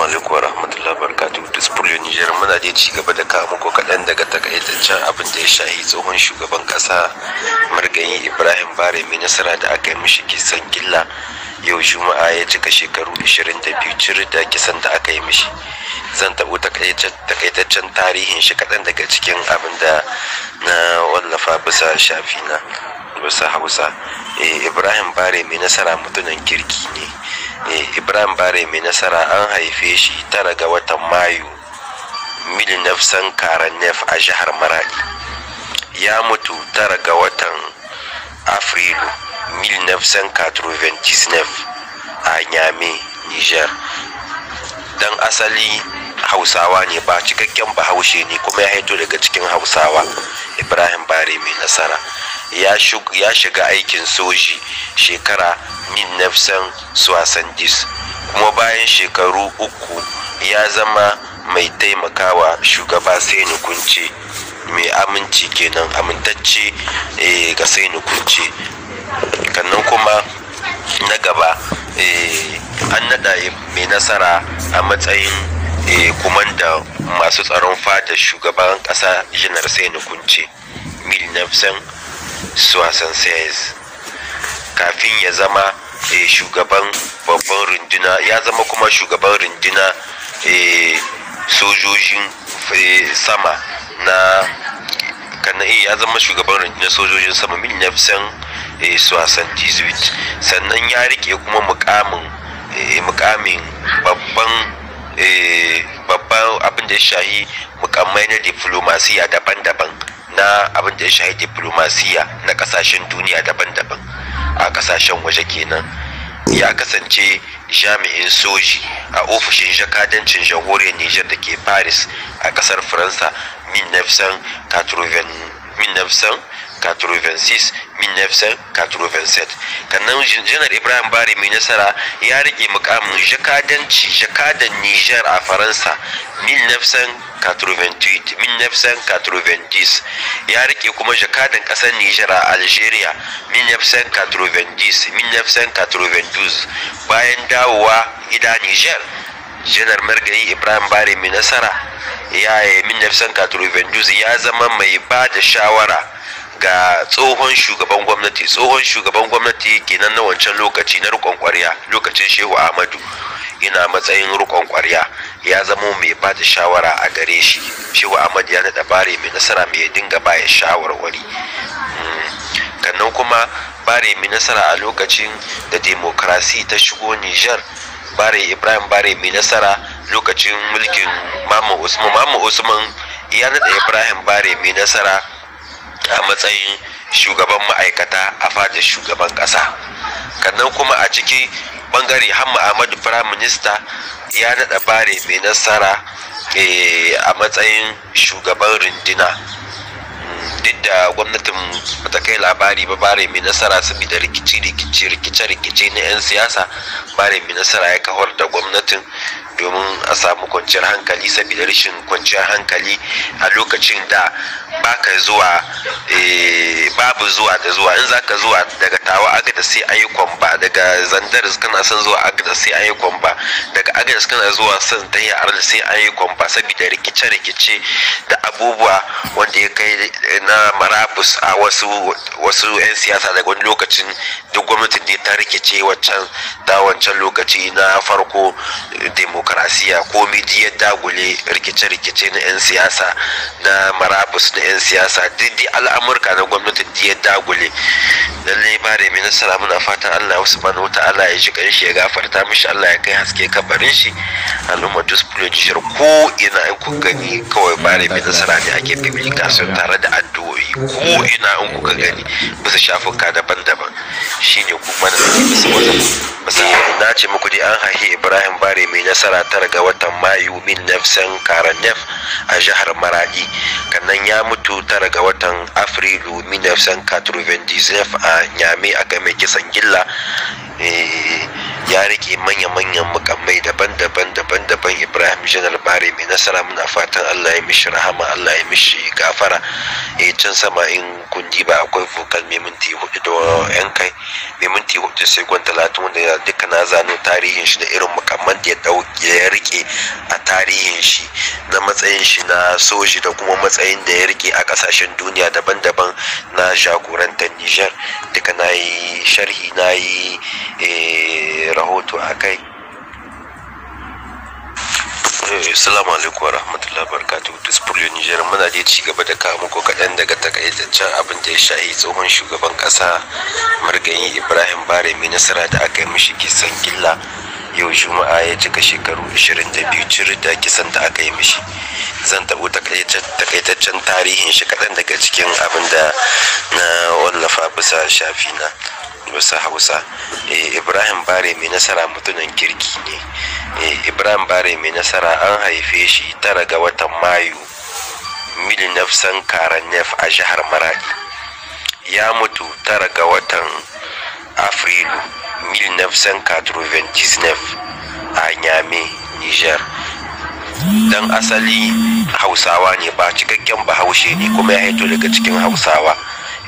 Assalamu alaikum wa rahmatullahi wa barakatuhu. Dispolio Nijar muna dai ci gaba da kawo muku kaɗan daga takaitaccen abin da ya shahi tsohon shugaban ƙasa margayin Ibrahim Bare mai nasara da aka yi mishi kisan gilla yau juma'a ya cika shekaru 22 cire da kisan da aka yi mishi zan tabo takaitaccen tarihin shi kaɗan daga cikin abin da na wallafa bisa shafi na bisa hausa eh, ibrahim bare mai nasara mutunan kirki ne Eh, ibrahim bare mai nasara an haife shi tara ga watan mayu milinafsan karanef a jihar maradi ya mutu tara ga watan afrilu nafsan katruventisnef a nyame niger dan asali hausawa ne ba cikakken bahaushe ne kuma ya haito daga cikin hausawa ibrahim bare mai nasara ya shiga aikin soji shekara 1970 nafsan kuma bayan shekaru uku ya zama mai taimakawa shugaba sai kunce mai aminci kenan amintacce eh, ga sai kunce kannan kuma na gaba eh, an nada mai nasara a matsayin eh, kumanda masu tsaron fata shugaban kasa janar sai kunce mil nafsan kafin ya zama Eh, shugaban babban runduna ya zama kuma shugaban runduna eh, sojojin eh, sama na kana'i ya zama shugaban rundunar sojojin sama mil na san suwasan jesuit sannan ya rike kuma mukamin mukamin babban babban abin da ya shahi mukamai na diplomasiya daban-daban na abin da ya shahi diplomasiya na kasashen duniya daban-daban a kasashen waje kenan ya kasance jami'in soji a ofishin jakadancin jamhuriyar niger da ke paris a kasar faransa min 1986 1987 kannan janar ibrahim bari mai nasara ya rike mukamin jakadanci jakadan niger a faransa 1988 1990 ya rike kuma jakadan kasar niger a algeria 1990 bayan dawowa gida niger janar margari ibrahim bari mai nasara ya yi 1992 ya zama mai ba da shawara ga tsohon shugaban gwamnati tsohon shugaban gwamnati kenan na wancan lokaci na rikon kwarya lokacin shehu ahmadu ina matsayin rikon kwarya ya zama mai ba da shawara a gare shi shehu Amadu ya na dabare mai nasara mai dinga baya shawarwari kannan hmm. kuma bare mai nasara a lokacin da demokrasi ta shigo nijar bare ibrahim bare mai nasara lokacin mulkin Mamman usman usman ya nada ibrahim bare mai nasara a matsayin shugaban ma'aikata a fadar shugaban ƙasa kannan kuma a ciki bangare hamma ahmadu prime minister ya naɗa bare mai nasara eh, a matsayin shugaban rundina hmm, duk da gwamnatin bata kai labari ba bare mai nasara saboda rikici rikici rikice rikice na 'yan siyasa bare mai nasara ya kawar da gwamnatin domin a samu kwanciyar hankali saboda rashin kwanciyar hankali a lokacin da baka zuwa eh, babu zuwa da zuwa in zaka zuwa daga tawa agada sai ayi kwamba daga zandar kana son zuwa agada sai ayi kwamba daga agada kana zuwa son yi arna sai ayi kwamba saboda rikice-rikice da abubuwa wanda ya kai na marabus a wasu wasu 'yan siyasa daga wani lokacin duk gwamnatin da ta rikice da wancan lokaci na farko eh, demokrasi demokrasiya komi ya dagule rikice-rikice na 'yan siyasa na marabus na 'yan siyasa didi al'amurka na gwamnati ya dagule lallai bare mai nasara muna fatan allah wasu bani wata allah ya ji kanshi ya gafarta mishi allah ya kai haske kabarin shi al'umma display jishir ko ina in ku gani kawai bare mai nasara ne ake bibilika sun tare da addu'o'i ko ina in kuka gani bisa shafuka daban-daban shine kuma na bisa wata misali na ce muku dai an haihi ibrahim bare mai nasara tara ga watan mayu min nefsen nef a jihar maradi kannan ya mutu tara ga watan afrilu min nefsen katruven a nyame a game kisan gilla eh, ya rike manya-manyan mukammai daban-daban daban-daban ibrahim janar bari mai nasara muna fatan allah ya mishi rahama allah ya mishi gafara e can sama in kundi ba akwai vocal mai minti hudu da yan kai mai minti hudu sai gwan latin wanda duka na zano tarihin shi da da matsayin shi na soji da kuma matsayin da ya rike a kasashen duniya daban-daban na jagorantar niger duka na yi sharhi na yi eh, rahoto a kai. Eh, salamu alaikum warahmatullahi wabarakatuh Dispolio Niger muna dai ci gaba da kawo muku kaɗan daga takaitaccen abin da ya shahi tsohon shugaban ƙasa margayi Ibrahim Bare mai nasara da aka yi mishi kisan gilla yau juma'a ya cika shekaru 22 cire da kisan da aka yi mishi zan tabo takaitaccen tarihin shi kaɗan daga cikin abin da na wallafa bisa shafi na bisa hausa eh, ibrahim bare mai nasara mutunan kirki ne eh, ibrahim bare mai nasara an haife shi tara ga watan mayu milinaf karanef a jihar maradi ya mutu tara ga watan afrilu 1999 a nyame niger dan asali hausawa ne ba cikakken bahaushe ne kuma ya haito daga cikin hausawa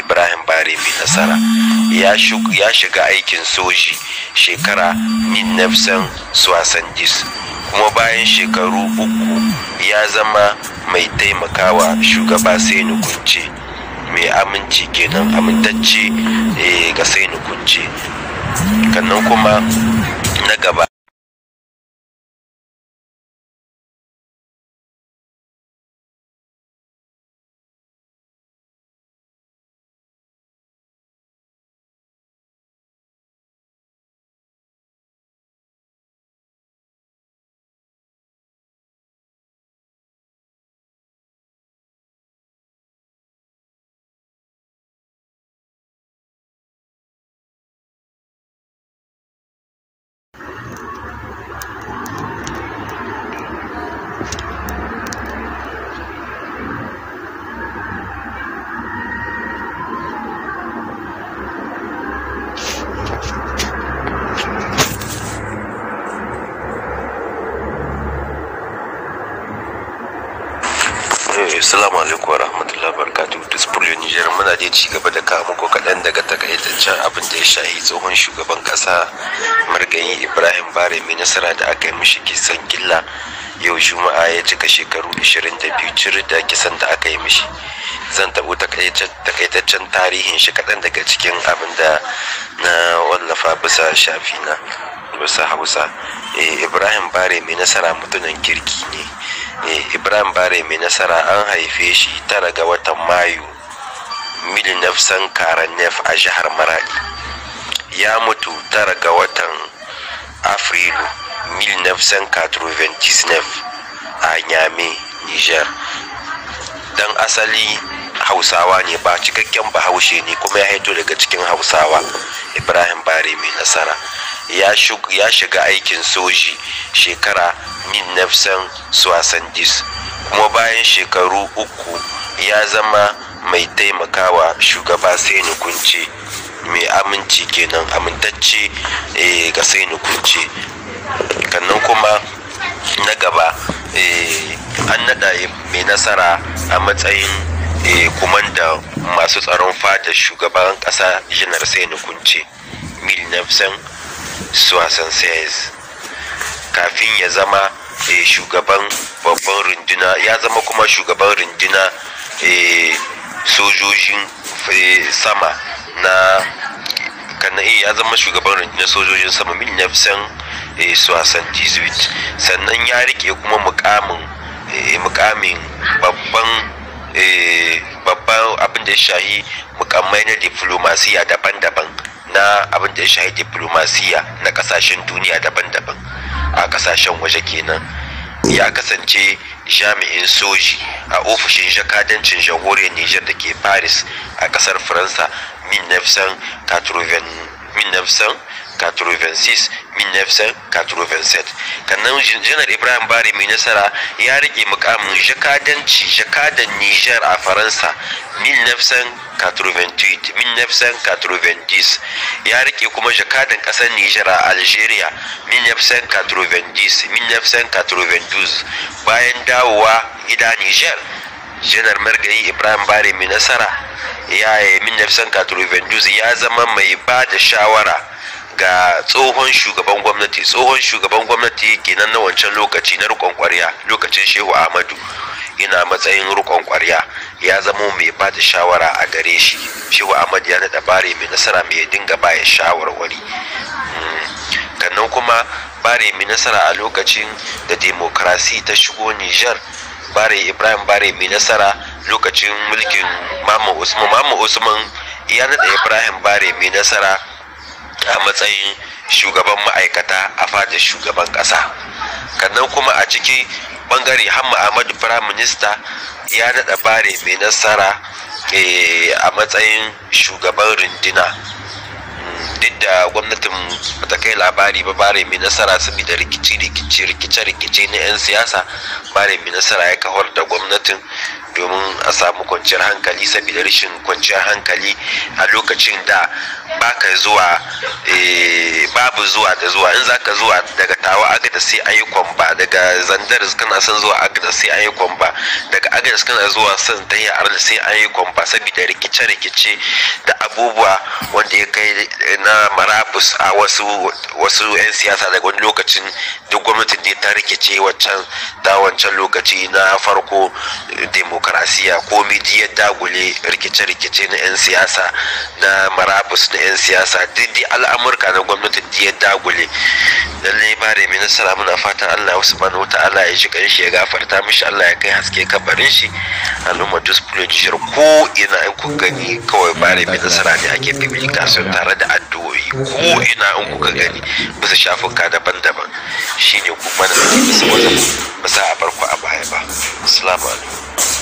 ibrahim bari mai nasara ya shiga aikin soji shekara 1970 kuma bayan shekaru uku ya zama mai taimakawa shugaba sai kunce mai aminci kenan amintacce eh, ga sai kunce sannan kuma na gaba takaitaccen abin da ya shahi tsohon shugaban kasa margayin ibrahim bare nasara da aka yi mishi kisan gilla yau juma'a ya cika shekaru 22 cire da kisan da aka yi mishi zan tabo takaitaccen tarihin shi kadan daga cikin abin da na wallafa bisa shafi na bisa hausa eh, ibrahim bare mai nasara mutunan kirki ne eh, ibrahim bare mai nasara an haife shi tara ga watan mayu mil nafsan nef a jihar maradi ya mutu tara ga watan afrilu mil nafsan a nyame niger dan asali hausawa ne ba cikakken bahaushe ne kuma ya haito daga cikin hausawa ibrahim bare mai nasara ya shiga aikin soji shekara min nafsan kuma bayan shekaru uku ya zama mai taimakawa shugaba sai nukunci mai aminci kenan amintacce eh, ga sai nukunci kannan kuma na gaba eh, an nada mai nasara a matsayin eh, kumanda masu tsaron fata shugaban kasa janar sai nukunci mil nafsan swasan says kafin ya zama shugaban babban runduna ya zama kuma shugaban runduna sojojin sama na kana'i eh, ya zama shugaban rundunar sojojin sama mil na eh, san su jesuit sannan ya rike kuma mukamin eh, mukamin babban babban abin da ya shahi mukamai na diplomasiya daban-daban na abin da ya shahi diplomasiya na kasashen duniya daban-daban a kasashen waje kenan ya kasance jami'in soji a ofishin jakadancin jamhuriyar niger da ke paris a kasar faransa 1980 1986-1987 kannan janar ibrahim bari mai nasara ya rike mukamin jakadanci jakadan niger a faransa 1990 ya rike kuma jakadan kasar niger a algeria 1990 bayan dawowa gida niger janar margayi ibrahim bari mai nasara ya yi 1992 ya zama mai ba da shawara ga tsohon shugaban gwamnati tsohon shugaban gwamnati kenan na wancan lokaci na rikon kwarya lokacin shehu ahmadu ina matsayin rikon kwarya ya zama mai ba da shawara a gare shi shehu ahmadu ya na dabare mai nasara mai dinga baya shawarwari kannan hmm. kuma bare mai nasara a lokacin da demokrasi ta shigo nijar bare ibrahim bare mai nasara lokacin mulkin mamu usman mamu usman ya nada ibrahim bare mai nasara a matsayin shugaban ma'aikata a fadar shugaban ƙasa kannan kuma a ciki bangare hamma ahmadu prime minister ya naɗa bare mai nasara eh, a matsayin shugaban rundina hmm, duk da gwamnatin bata kai labari ba bare mai nasara saboda rikici rikici rikice rikice na 'yan siyasa bare mai nasara ya kawar da gwamnatin domin a samu kwanciyar hankali saboda rashin kwanciyar hankali a lokacin da baka zuwa eh, babu zuwa da zuwa in zaka zuwa daga tawa agada sai ayi kwamba daga zandar kana son zuwa agada sai ayi kwamba daga agaris kana zuwa san ta yi arna sai an yi kwamfa saboda rikice-rikice da abubuwa wanda ya kai na marabus a wasu wasu 'yan siyasa daga wani lokacin duk gwamnatin ne ta rikice waccan da wancan lokaci na farko demokarasiya ko midiyar dagule rikice-rikice na 'yan siyasa na marabus na 'yan siyasa duk al'amurka na gwamnatin diyar dagule lallai ba da mai nasara muna fatan Allah subhanahu Allah ya ji shi ya gafarta mishi Allah ya kai haske kabarin shi duk dus jishar ko ina in kun gani kawai ba da mai nasara ne ake bibilika kasuwar tare da addu'o'i ko ina in kuka gani bisa shafuka daban-daban shine kuma da bisa wajen ba za a barku a baya ba assalamu alaikum